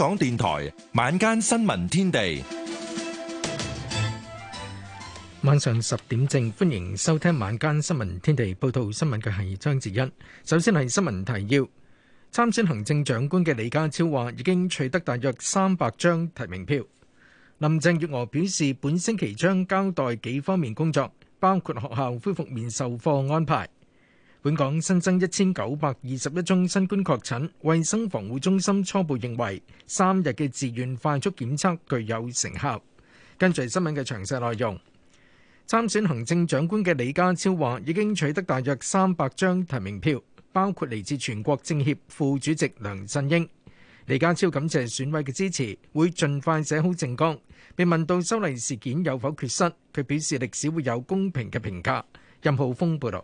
港電台晚間新聞天地，晚上十點正，歡迎收聽晚間新聞天地。報道新聞嘅係張志欣。首先係新聞提要，參選行政長官嘅李家超話已經取得大約三百張提名票。林鄭月娥表示，本星期將交代幾方面工作，包括學校恢復面授課安排。本港新增一千九百二十一宗新冠確診，衛生防護中心初步認為三日嘅自願快速檢測具有成效。跟住新聞嘅詳細內容，參選行政長官嘅李家超話已經取得大約三百張提名票，包括嚟自全國政協副主席梁振英。李家超感謝選委嘅支持，會盡快寫好政綱，被問到修例事件有否缺失，佢表示歷史會有公平嘅評價，任浩峰報道。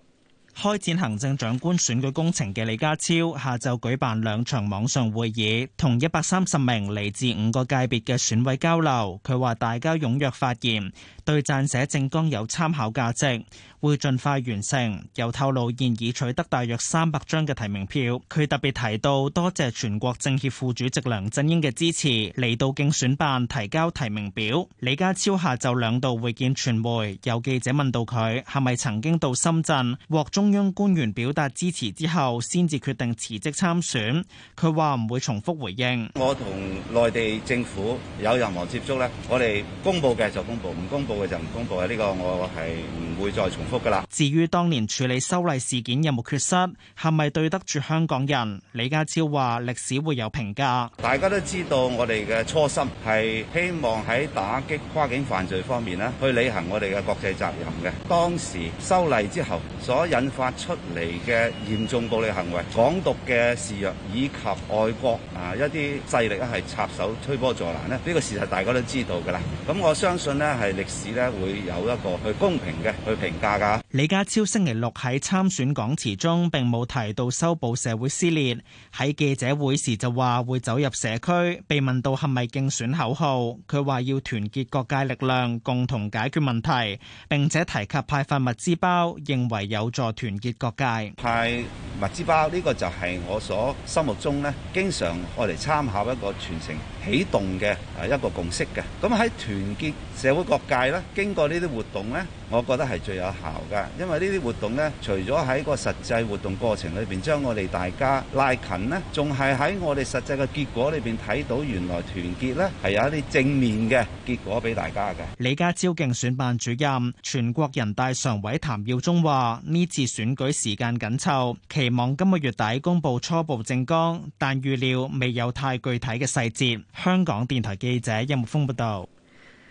開展行政長官選舉工程嘅李家超下晝舉辦兩場網上會議，同一百三十名嚟自五個界別嘅選委交流。佢話大家踊躍發言，對撰寫政綱有參考價值。會盡快完成。又透露現已取得大約三百張嘅提名票。佢特別提到多謝全國政協副主席梁振英嘅支持，嚟到競選辦提交提名表。李家超下晝兩度會見傳媒，有記者問到佢係咪曾經到深圳獲中央官員表達支持之後，先至決定辭職參選。佢話唔會重複回應。我同內地政府有任何接觸呢，我哋公佈嘅就公佈，唔公佈嘅就唔公佈嘅。呢個我係唔會再重複。至於當年處理修例事件有冇缺失，係咪對得住香港人？李家超話：歷史會有評價。大家都知道我哋嘅初心係希望喺打擊跨境犯罪方面咧，去履行我哋嘅國際責任嘅。當時修例之後所引發出嚟嘅嚴重暴力行為、港獨嘅示弱以及外國啊一啲勢力咧係插手推波助瀾咧，呢、呢個事實大家都知道噶啦。咁我相信呢係歷史咧會有一個去公平嘅去評價。李家超星期六喺參選講詞中，並冇提到修補社會撕裂。喺記者會時就話會走入社區，被問到係咪競選口號？佢話要團結各界力量，共同解決問題，並且提及派發物資包，認為有助團結各界派物資包呢、這個就係我所心目中呢，經常我哋參考一個傳承。起動嘅啊一個共識嘅，咁喺團結社會各界咧，經過呢啲活動咧，我覺得係最有效噶，因為呢啲活動咧，除咗喺個實際活動過程裏邊將，我哋大家拉近咧，仲係，喺我哋實際嘅結果裏邊睇到原來團結咧係有一啲正面嘅結果俾大家嘅。李家超競選辦主任、全國人大常委譚耀宗話，呢次選舉時間緊湊，期望今個月底公布初步政綱，但預料未有太具體嘅細節。香港電台記者任木峰報道，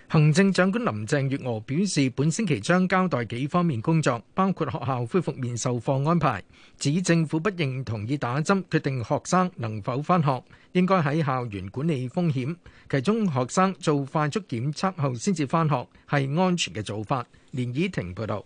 行政長官林鄭月娥表示，本星期將交代幾方面工作，包括學校恢復面授課安排。指政府不認同以打針決定學生能否返學，應該喺校園管理風險，其中學生做快速檢測後先至返學係安全嘅做法。連綺婷報道。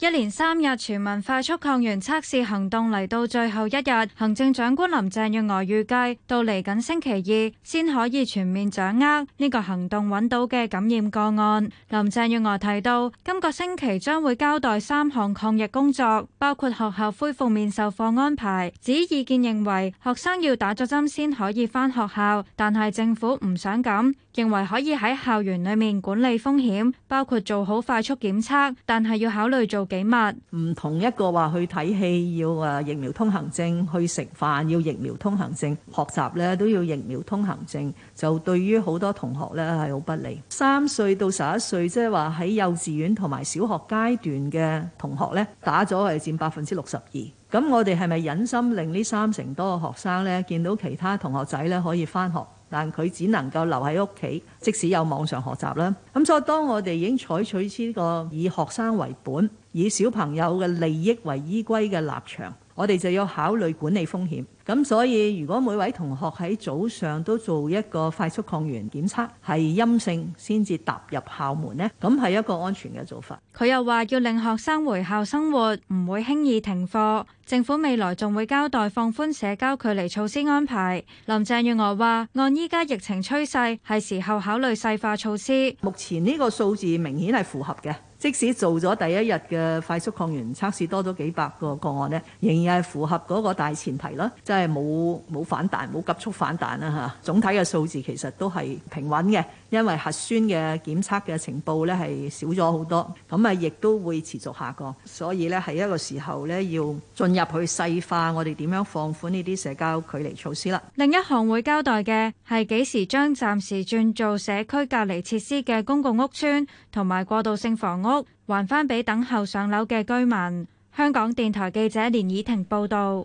一連三日全民快速抗原測試行動嚟到最後一日，行政長官林鄭月娥預計到嚟緊星期二先可以全面掌握呢個行動揾到嘅感染個案。林鄭月娥提到，今個星期將會交代三項抗疫工作，包括學校恢復面授課安排。指意見認為學生要打咗針先可以返學校，但係政府唔想咁，認為可以喺校園裏面管理風險，包括做好快速檢測，但係要考慮做。幾萬唔同一個話去睇戲要啊疫苗通行證，去食飯要疫苗通行證，通行證學習咧都要疫苗通行證，就對於好多同學咧係好不利。三歲到十一歲即係話喺幼稚園同埋小學階段嘅同學咧，打咗係佔百分之六十二。咁我哋係咪忍心令呢三成多嘅學生咧見到其他同學仔咧可以返學？但佢只能夠留喺屋企，即使有網上學習啦。咁，所以當我哋已經採取呢個以學生為本、以小朋友嘅利益為依歸嘅立場。我哋就要考慮管理風險，咁所以如果每位同學喺早上都做一個快速抗原檢測係陰性，先至踏入校門呢，咁係一個安全嘅做法。佢又話要令學生回校生活唔會輕易停課，政府未來仲會交代放寬社交距離措施安排。林鄭月娥話：按依家疫情趨勢，係時候考慮細化措施。目前呢個數字明顯係符合嘅。即使做咗第一日嘅快速抗原測試，多咗幾百個個案咧，仍然係符合嗰個大前提啦，即係冇冇反彈冇急速反彈啦吓。總體嘅數字其實都係平穩嘅，因為核酸嘅檢測嘅情報咧係少咗好多，咁啊亦都會持續下降。所以咧，喺一個時候咧，要進入去細化我哋點樣放寬呢啲社交距離措施啦。另一項會交代嘅係幾時將暫時轉做社區隔離設施嘅公共屋邨，同埋過渡性房屋還翻俾等候上樓嘅居民。香港電台記者連以婷報道，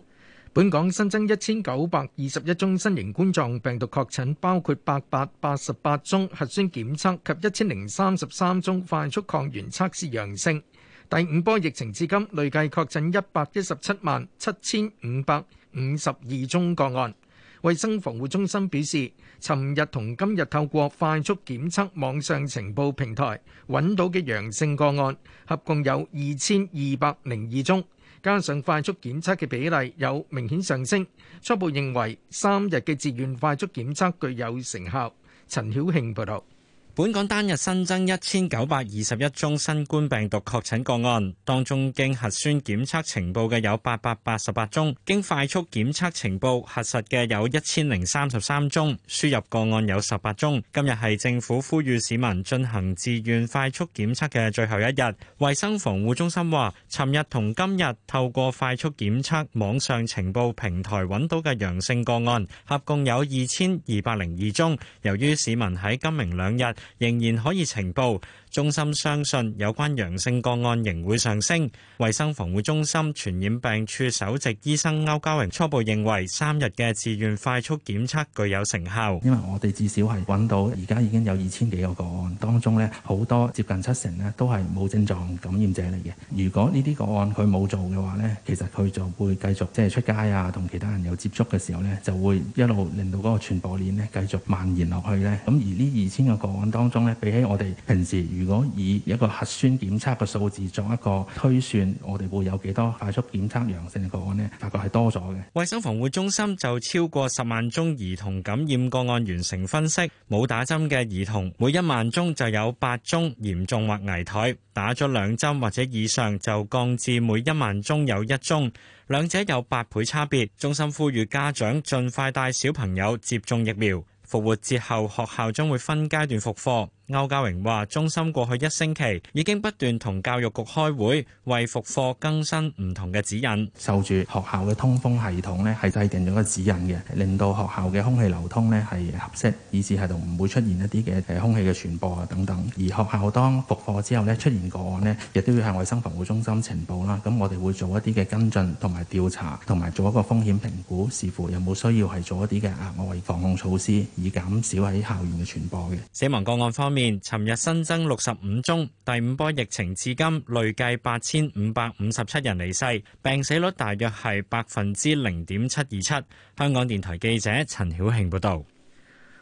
本港新增一千九百二十一宗新型冠狀病毒確診，包括八百八十八宗核酸檢測及一千零三十三宗快速抗原測試陽性。第五波疫情至今累計確診一百一十七萬七千五百五十二宗個案。衛生防護中心表示，尋日同今日透過快速檢測網上呈報平台揾到嘅陽性個案合共有二千二百零二宗，加上快速檢測嘅比例有明顯上升，初步認為三日嘅自願快速檢測具有成效。陳曉慶報道。本港單日新增一千九百二十一宗新冠病毒確診個案，當中經核酸檢測呈報嘅有八百八十八宗，經快速檢測呈報核實嘅有一千零三十三宗，輸入個案有十八宗。今日係政府呼籲市民進行自願快速檢測嘅最後一日。衞生防護中心話，尋日同今日透過快速檢測網上呈報平台揾到嘅陽性個案，合共有二千二百零二宗。由於市民喺今明兩日仍然可以呈報。中心相信有關陽性個案仍會上升。衛生防護中心傳染病處首席醫生歐嘉榮初步認為三日嘅自願快速檢測具有成效。因為我哋至少係揾到而家已經有二千幾個個案，當中咧好多接近七成咧都係冇症狀感染者嚟嘅。如果呢啲個案佢冇做嘅話咧，其實佢就會繼續，即係出街啊，同其他人有接觸嘅時候咧，就會一路令到嗰個傳播鏈咧繼續蔓延落去咧。咁而呢二千個個案當中咧，比起我哋平時。如果以一個核酸檢測嘅數字作一個推算，我哋會有幾多快速檢測陽性嘅個案呢，大概係多咗嘅。衛生防護中心就超過十萬宗兒童感染個案完成分析，冇打針嘅兒童每一萬宗就有八宗嚴重或危殆，打咗兩針或者以上就降至每一萬宗有一宗，兩者有八倍差別，中心呼籲家長盡快帶小朋友接種疫苗。復活節後學校將會分階段復課。歐家榮話：榮中心過去一星期已經不斷同教育局開會，為復課更新唔同嘅指引。受住學校嘅通風系統咧，係制定咗個指引嘅，令到學校嘅空氣流通咧係合適，以至係度唔會出現一啲嘅誒空氣嘅傳播啊等等。而學校當復課之後咧，出現個案咧，亦都要向衛生防護中心呈報啦。咁我哋會做一啲嘅跟進同埋調查，同埋做一個風險評估，視乎有冇需要係做一啲嘅額外防控措施，以減少喺校園嘅傳播嘅。死亡個案方面面，尋日新增六十五宗第五波疫情，至今累計八千五百五十七人離世，病死率大約係百分之零點七二七。香港電台記者陳曉慶報導。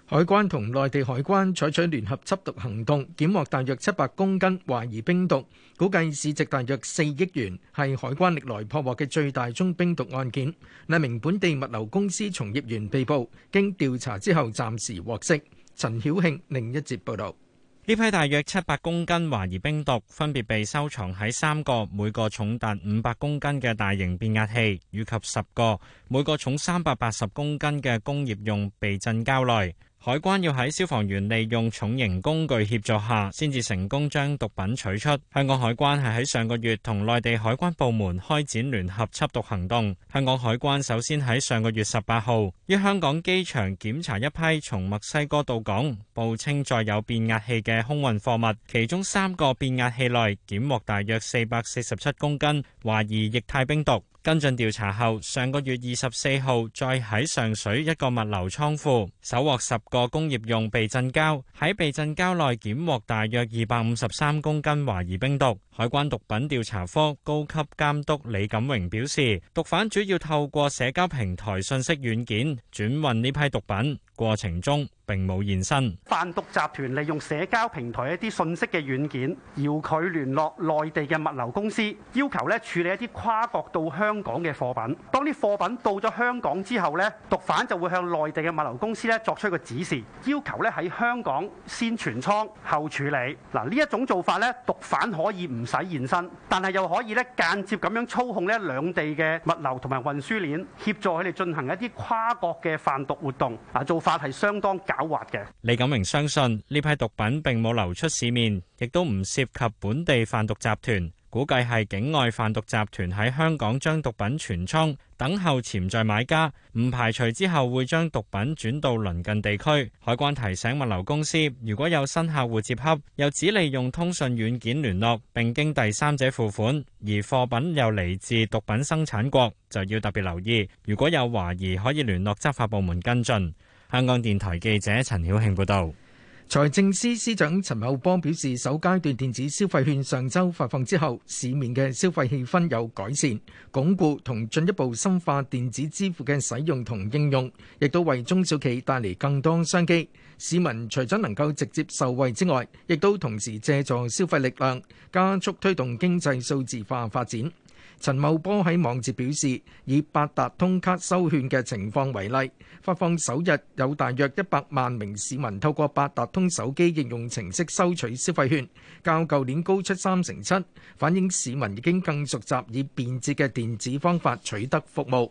海關同內地海關採取聯合緝毒行動，檢獲大約七百公斤懷疑冰毒，估計市值大約四億元，係海關歷來破獲嘅最大宗冰毒案件。兩名本地物流公司從業員被捕，經調查之後暫時獲釋。陳曉慶另一節報導。呢批大約七百公斤懷疑冰毒，分別被收藏喺三個每個重達五百公斤嘅大型變壓器，以及十個每個重三百八十公斤嘅工業用避震膠內。海關要喺消防員利用重型工具協助下，先至成功將毒品取出。香港海關係喺上個月同內地海關部門開展聯合緝毒行動。香港海關首先喺上個月十八號於香港機場檢查一批從墨西哥到港、報稱載有變壓器嘅空運貨物，其中三個變壓器內檢獲大約四百四十七公斤懷疑液態冰毒。跟進調查後，上個月二十四號，再喺上水一個物流倉庫，搜獲十個工業用避震膠，喺避震膠內檢獲大約二百五十三公斤懷疑冰毒。海關毒品調查科高級監督李錦榮表示，毒販主要透過社交平台信息軟件轉運呢批毒品。過程中並冇現身。販毒集團利用社交平台一啲信息嘅軟件，要佢聯絡內地嘅物流公司，要求咧處理一啲跨國到香港嘅貨品。當啲貨品到咗香港之後咧，毒販就會向內地嘅物流公司咧作出一個指示，要求咧喺香港先存倉後處理。嗱，呢一種做法咧，毒販可以唔使現身，但係又可以咧間接咁樣操控咧兩地嘅物流同埋運輸鏈，協助佢哋進行一啲跨國嘅販毒活動啊，做法係相當狡猾嘅。李錦明相信呢批毒品並冇流出市面，亦都唔涉及本地販毒集團，估計係境外販毒集團喺香港將毒品存倉，等候潛在買家。唔排除之後會將毒品轉到鄰近地區。海關提醒物流公司，如果有新客戶接洽，又只利用通訊軟件聯絡並經第三者付款，而貨品又嚟自毒品生產國就要特別留意。如果有懷疑，可以聯絡執法部門跟進。香港電台記者陳曉慶報道。財政司司長陳茂波表示，首階段電子消費券上周發放之後，市面嘅消費氣氛有改善，鞏固同進一步深化電子支付嘅使用同應用，亦都為中小企帶嚟更多商機。市民除咗能夠直接受惠之外，亦都同時借助消費力量，加速推動經濟數字化發展。陳茂波喺網誌表示，以八達通卡收券嘅情況為例，發放首日有大約一百萬名市民透過八達通手機應用程式收取消費券，較舊年高出三成七，反映市民已經更熟習以便捷嘅電子方法取得服務。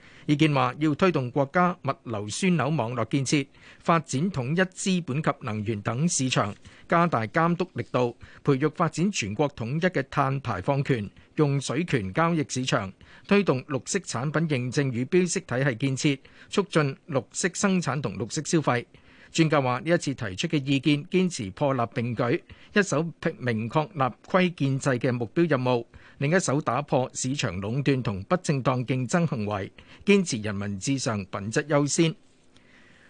意見話要推動國家物流樞紐網絡建設，發展統一資本及能源等市場，加大監督力度，培育發展全國統一嘅碳排放權、用水權交易市場，推動綠色產品認證與標識體系建設，促進綠色生產同綠色消費。專家話呢一次提出嘅意見堅持破立並舉，一手明確立規建制嘅目標任務。另一手打破市場壟斷同不正當競爭行為，堅持人民至上、品質優先。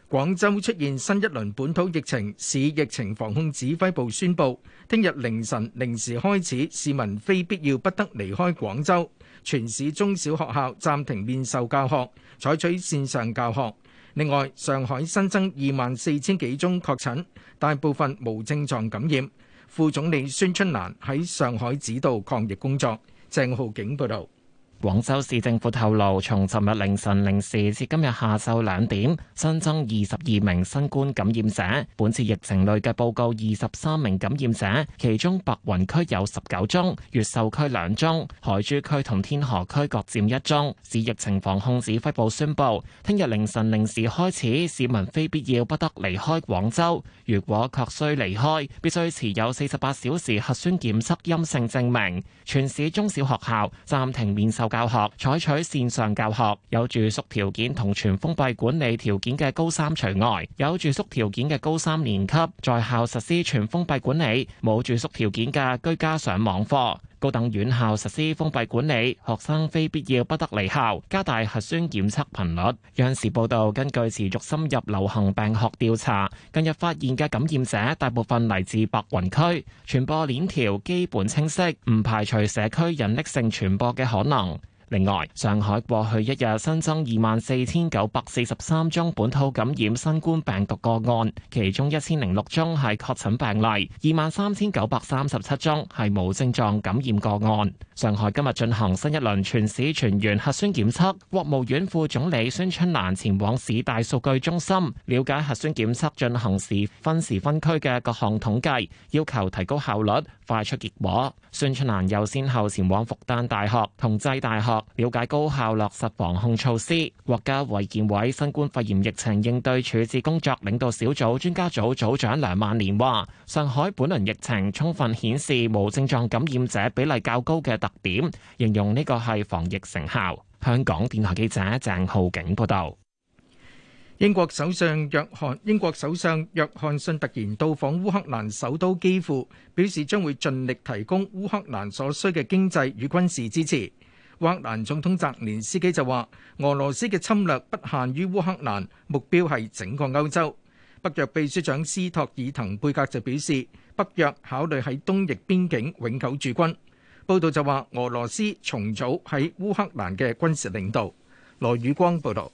廣州出現新一輪本土疫情，市疫情防控指揮部宣布，聽日凌晨零時開始，市民非必要不得離開廣州，全市中小學校暫停面授教學，採取線上教學。另外，上海新增二萬四千幾宗確診，大部分無症狀感染。副總理孫春蘭喺上海指導抗疫工作。鄭浩景報道。廣州市政府透露，從尋日凌晨零時至今日下晝兩點新增二十二名新冠感染者。本次疫情累計報告二十三名感染者，其中白雲區有十九宗，越秀區兩宗，海珠區同天河區各佔一宗。市疫情防控指揮部宣布，聽日凌晨零時開始，市民非必要不得離開廣州。如果確需離開，必須持有四十八小時核酸檢測陰性證明。全市中小學校暫停面授。教學，採取線上教學，有住宿條件同全封閉管理條件嘅高三除外，有住宿條件嘅高三年級在校實施全封閉管理，冇住宿條件嘅居家上網課。高等院校實施封閉管理，學生非必要不得離校，加大核酸檢測頻率。央視報道，根據持續深入流行病學調查，近日發現嘅感染者大部分嚟自白雲區，傳播鏈條基本清晰，唔排除社區隱匿性傳播嘅可能。另外，上海過去一日新增二萬四千九百四十三宗本土感染新冠病毒個案，其中一千零六宗係確診病例，二萬三千九百三十七宗係無症狀感染個案。上海今日進行新一輪全市全員核酸檢測，國務院副總理孫春蘭前往市大數據中心，了解核酸檢測進行時分時分區嘅各項統計，要求提高效率。快出結果。孫春蘭又先後前往復旦大學、同濟大學，瞭解高校落實防控措施。國家衛健委新冠肺炎疫情應對處置工作領導小組專家組組長梁萬年話：上海本輪疫情充分顯示無症狀感染者比例較高嘅特點，形容呢個係防疫成效。香港電台記者鄭浩景報道。英國首相約翰，英國首相約翰遜突然到訪烏克蘭首都基輔，表示將會盡力提供烏克蘭所需嘅經濟與軍事支持。烏克蘭總統澤連斯基就話，俄羅斯嘅侵略不限於烏克蘭，目標係整個歐洲。北約秘書長斯托爾滕貝格就表示，北約考慮喺東翼邊境永久駐軍。報道就話，俄羅斯重組喺烏克蘭嘅軍事領導。羅宇光報導。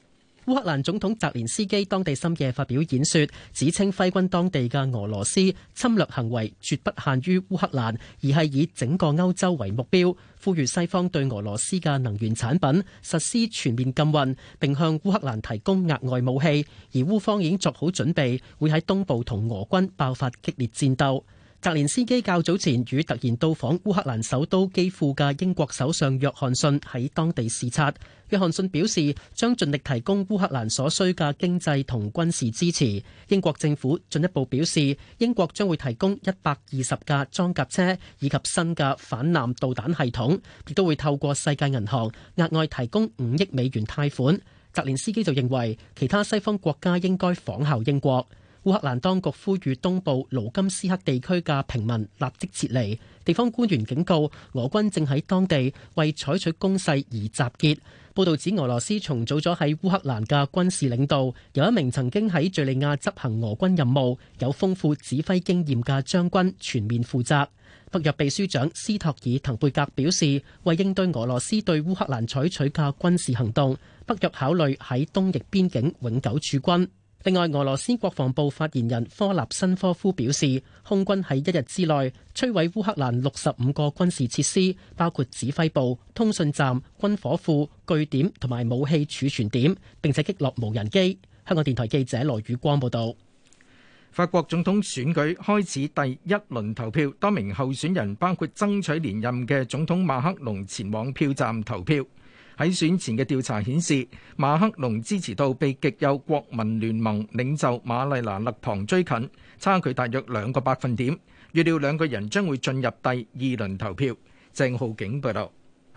烏克蘭總統澤連斯基當地深夜發表演說，指稱揮軍當地嘅俄羅斯侵略行為絕不限於烏克蘭，而係以整個歐洲為目標，呼籲西方對俄羅斯嘅能源產品實施全面禁運，並向烏克蘭提供額外武器。而烏方已經做好準備，會喺東部同俄軍爆發激烈戰鬥。澤連斯基較早前與突然到訪烏克蘭首都基輔嘅英國首相約翰遜喺當地視察。約翰遜表示，將盡力提供烏克蘭所需嘅經濟同軍事支持。英國政府進一步表示，英國將會提供一百二十架裝甲車以及新嘅反艦導彈系統，亦都會透過世界銀行額外提供五億美元貸款。澤連斯基就認為，其他西方國家應該仿效英國。烏克蘭當局呼籲東部盧甘斯克地區嘅平民立即撤離。地方官員警告，俄軍正喺當地為採取攻勢而集結。報道指，俄羅斯重組咗喺烏克蘭嘅軍事領導，由一名曾經喺敘利亞執行俄軍任務、有豐富指揮經驗嘅將軍全面負責。北約秘書長斯托爾滕貝格表示，為應對俄羅斯對烏克蘭採取嘅軍事行動，北約考慮喺東翼邊境永久駐軍。另外，俄羅斯國防部發言人科納申科夫表示，空軍喺一日之內摧毀烏克蘭六十五個軍事設施，包括指揮部、通訊站、軍火庫、據點同埋武器儲存點，並且擊落無人機。香港電台記者羅宇光報道，法國總統選舉開始第一輪投票，多名候選人包括爭取連任嘅總統馬克龍前往票站投票。喺選前嘅調查顯示，馬克龍支持度被極右國民聯盟領袖馬麗娜勒龐追近，差距大約兩個百分點。預料兩個人將會進入第二輪投票。鄭浩景報道。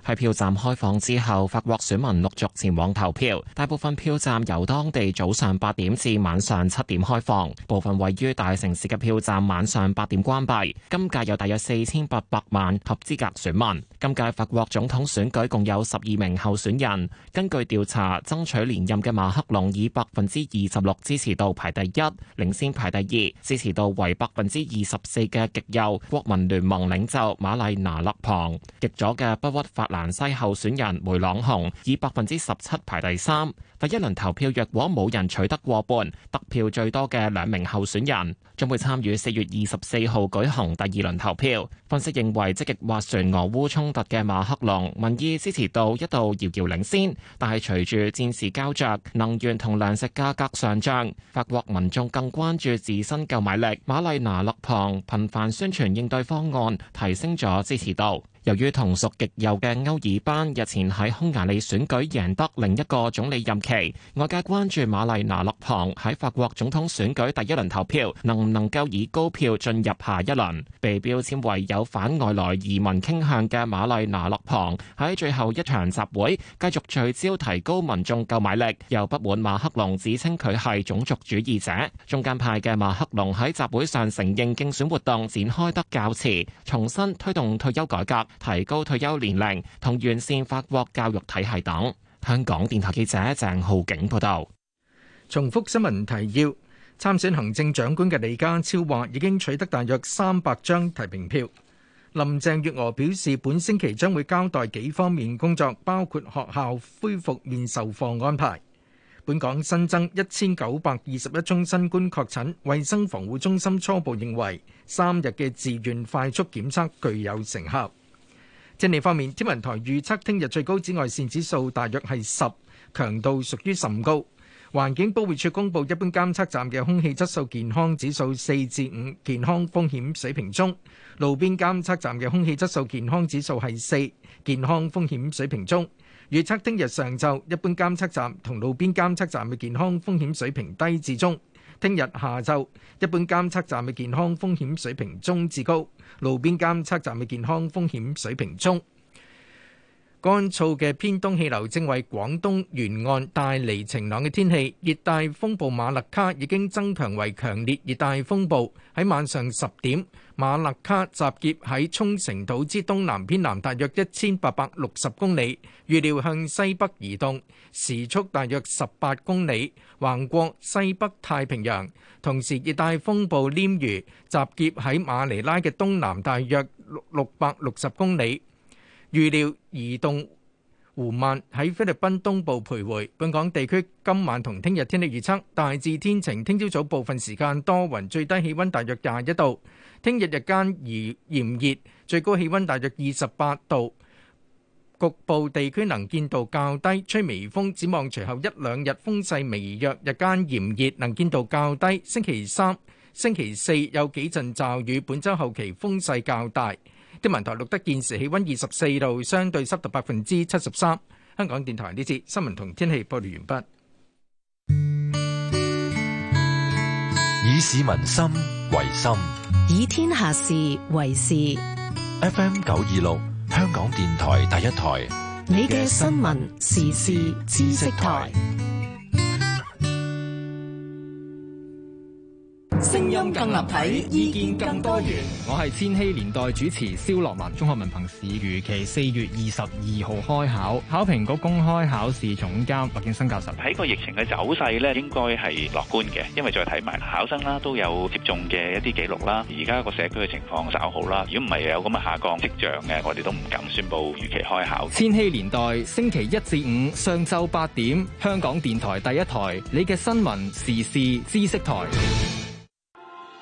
喺票站開放之後，法國選民陸續前往投票。大部分票站由當地早上八點至晚上七點開放，部分位於大城市嘅票站晚上八點關閉。今屆有大約四千八百萬合資格選民。今屆法國總統選舉共有十二名候選人。根據調查，爭取連任嘅馬克龍以百分之二十六支持度排第一，領先排第二支持度為百分之二十四嘅極右國民聯盟領袖馬麗娜勒龐，極左嘅不屈法蘭西候選人梅朗雄以百分之十七排第三。第一輪投票若果冇人取得過半，得票最多嘅兩名候選人將會參與四月二十四號舉行第二輪投票。分析認為，積極斡旋俄烏衝突嘅馬克龍民意支持度一度遙遙領先，但係隨住戰事膠着，能源同糧食價格上漲，法國民眾更關注自身購買力。瑪麗娜勒龐頻繁宣傳應對方案，提升咗支持度。由於同屬極右嘅歐爾班日前喺匈牙利選舉贏得另一個總理任期，外界關注馬麗拿洛旁喺法國總統選舉第一輪投票能唔能夠以高票進入下一輪。被標籤為有反外來移民傾向嘅馬麗拿洛旁喺最後一場集會繼續聚焦提高民眾購買力，又不滿馬克龍指稱佢係種族主義者。中間派嘅馬克龍喺集會上承認競選活動展開得較遲，重新推動退休改革。提高退休年齡同完善法國教育體系等。香港電台記者鄭浩景報道。重複新聞提要：參選行政長官嘅李家超話已經取得大約三百張提名票。林鄭月娥表示，本星期將會交代幾方面工作，包括學校恢復面授課安排。本港新增一千九百二十一宗新冠確診，衛生防護中心初步認為三日嘅自願快速檢測具有成效。天氣方面，天文台預測聽日最高紫外線指數大約係十，強度屬於甚高。環境保護署公布一般監測站嘅空氣質素健康指數四至五，健康風險水平中；路邊監測站嘅空氣質素健康指數係四，健康風險水平中。預測聽日上晝一般監測站同路邊監測站嘅健康風險水平低至中。聽日下晝，一般監測站嘅健康風險水平中至高，路邊監測站嘅健康風險水平中。乾燥嘅偏東氣流正為廣東沿岸帶嚟晴朗嘅天氣。熱帶風暴馬勒卡已經增強為強烈熱帶風暴，喺晚上十點，馬勒卡集結喺沖繩島之東南偏南大約一千八百六十公里，預料向西北移動，時速大約十八公里，橫過西北太平洋。同時，熱帶風暴鯰魚集結喺馬尼拉嘅東南大約六六百六十公里。預料移動緩慢，喺菲律賓東部徘徊。本港地區今晚同聽日天氣預測，大致天晴，聽朝早部分時間多雲，最低氣温大約廿一度。聽日日間炎炎熱，最高氣温大約二十八度，局部地區能見度較低，吹微風。展望隨後一兩日風勢微弱，日間炎熱，能見度較低。星期三、星期四有幾陣驟雨，本週後期風勢較大。天文台錄得現時氣溫二十四度，相對濕度百分之七十三。香港電台呢節新聞同天氣播報完畢。以市民心為心，以天下事為事。FM 九二六，香港電台第一台，你嘅新聞時事知識台。聲音更立體，意見更多元。我係千禧年代主持蕭樂文。中學文憑試預期四月二十二號開考，考評局公開考試總監麥勁生教授，睇個疫情嘅走勢呢，應該係樂觀嘅，因為再睇埋考生啦，都有接種嘅一啲記錄啦。而家個社區嘅情況稍好啦。如果唔係有咁嘅下降跡象嘅，我哋都唔敢宣布預期開考。千禧年代星期一至五上晝八點，香港電台第一台，你嘅新聞時事知識台。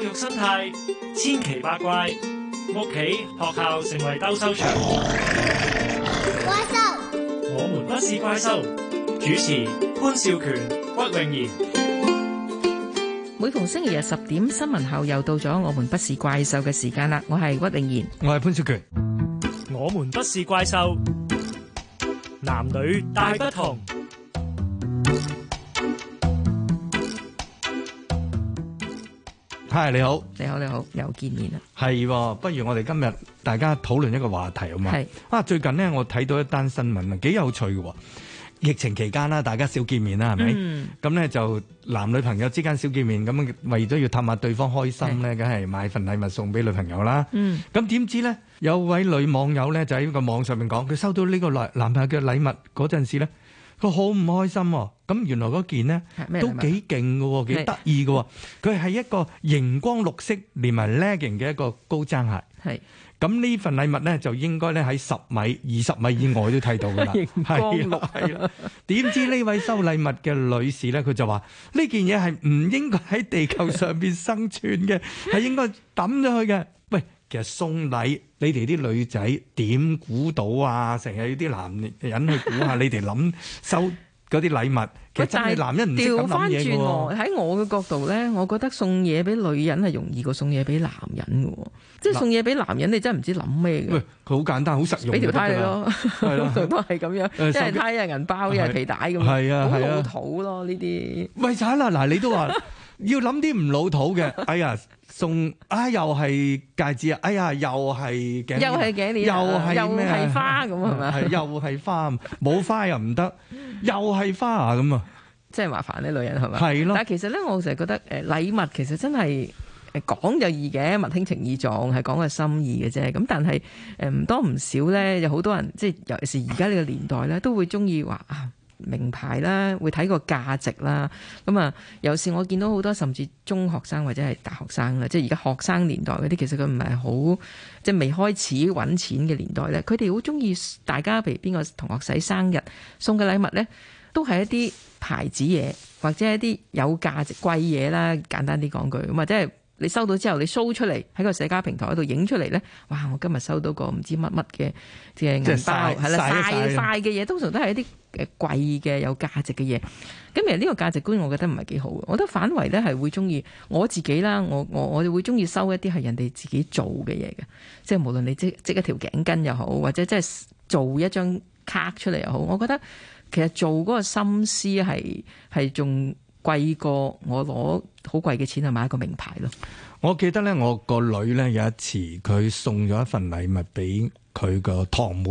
教育生態千奇百怪，屋企、學校成為鬥獸場。怪獸，我們不是怪獸。主持潘少權、屈穎妍。每逢星期日十點新聞後，又到咗我們不是怪獸嘅時間啦。我係屈穎妍，我係潘少權。我們不是怪獸，男女大不同。係，你好，你好你好，又見面啦。係、啊，不如我哋今日大家討論一個話題好嘛？係啊，最近咧我睇到一單新聞啊，幾有趣嘅、啊。疫情期間啦，大家少見面啦，係咪？咁咧、嗯、就男女朋友之間少見面，咁為咗要氹下對方開心咧，梗係買份禮物送俾女朋友啦。嗯，咁點知咧有位女網友咧就喺個網上面講，佢收到呢個男男朋友嘅禮物嗰陣時咧。佢好唔開心，咁原來嗰件咧都幾勁嘅，幾得意嘅，佢係一個熒光綠色連埋 legging 嘅一個高踭鞋。係，咁呢份禮物咧就應該咧喺十米、二十米以外都睇到㗎啦。熒光綠係啦，點知呢位收禮物嘅女士咧，佢就話呢件嘢係唔應該喺地球上邊生存嘅，係應該抌咗佢嘅。其實送禮，你哋啲女仔點估到啊？成日要啲男人去估下，你哋諗收嗰啲禮物。其實真係男人唔調翻轉喎。喺我嘅角度咧，我覺得送嘢俾女人係容易過送嘢俾男人嘅。即係送嘢俾男人，你真係唔知諗咩嘅。喂，佢好簡單，好實用。俾條胎你咯，都係咁樣，一係胎，一係銀包，又係皮帶咁。係啊，啊，好老土咯呢啲。咪就係啦，嗱，你都話。要諗啲唔老土嘅，哎呀送啊又係戒指啊，哎呀又係頸又係頸鏈，又係又係花咁啊，係又係花，冇花又唔得，又係花啊咁啊，真係麻煩啲女人係咪？係咯。但係其實咧，我成日覺得，誒禮物其實真係講就易嘅，物輕情意重，係講個心意嘅啫。咁但係誒唔多唔少咧，有好多人即係尤其是而家呢個年代咧，都會中意話啊。名牌啦，會睇個價值啦。咁啊，有時我見到好多甚至中學生或者係大學生啦，即係而家學生年代嗰啲，其實佢唔係好即係未開始揾錢嘅年代呢。佢哋好中意大家，譬如邊個同學仔生日送嘅禮物呢，都係一啲牌子嘢或者一啲有價值貴嘢啦。簡單啲講句，咁啊，或者係你收到之後，你 show 出嚟喺個社交平台度影出嚟呢。哇！我今日收到個唔知乜乜嘅即係銀包，係啦，大曬嘅嘢，通常都係一啲嘅貴嘅有價值嘅嘢，咁其實呢個價值觀我覺得唔係幾好。我覺得反為呢係會中意我自己啦，我我我就會中意收一啲係人哋自己做嘅嘢嘅，即係無論你織織一條頸巾又好，或者即係做一張卡出嚟又好，我覺得其實做嗰個心思係係仲貴過我攞好貴嘅錢去買一個名牌咯。我記得呢，我個女呢有一次佢送咗一份禮物俾佢個堂妹。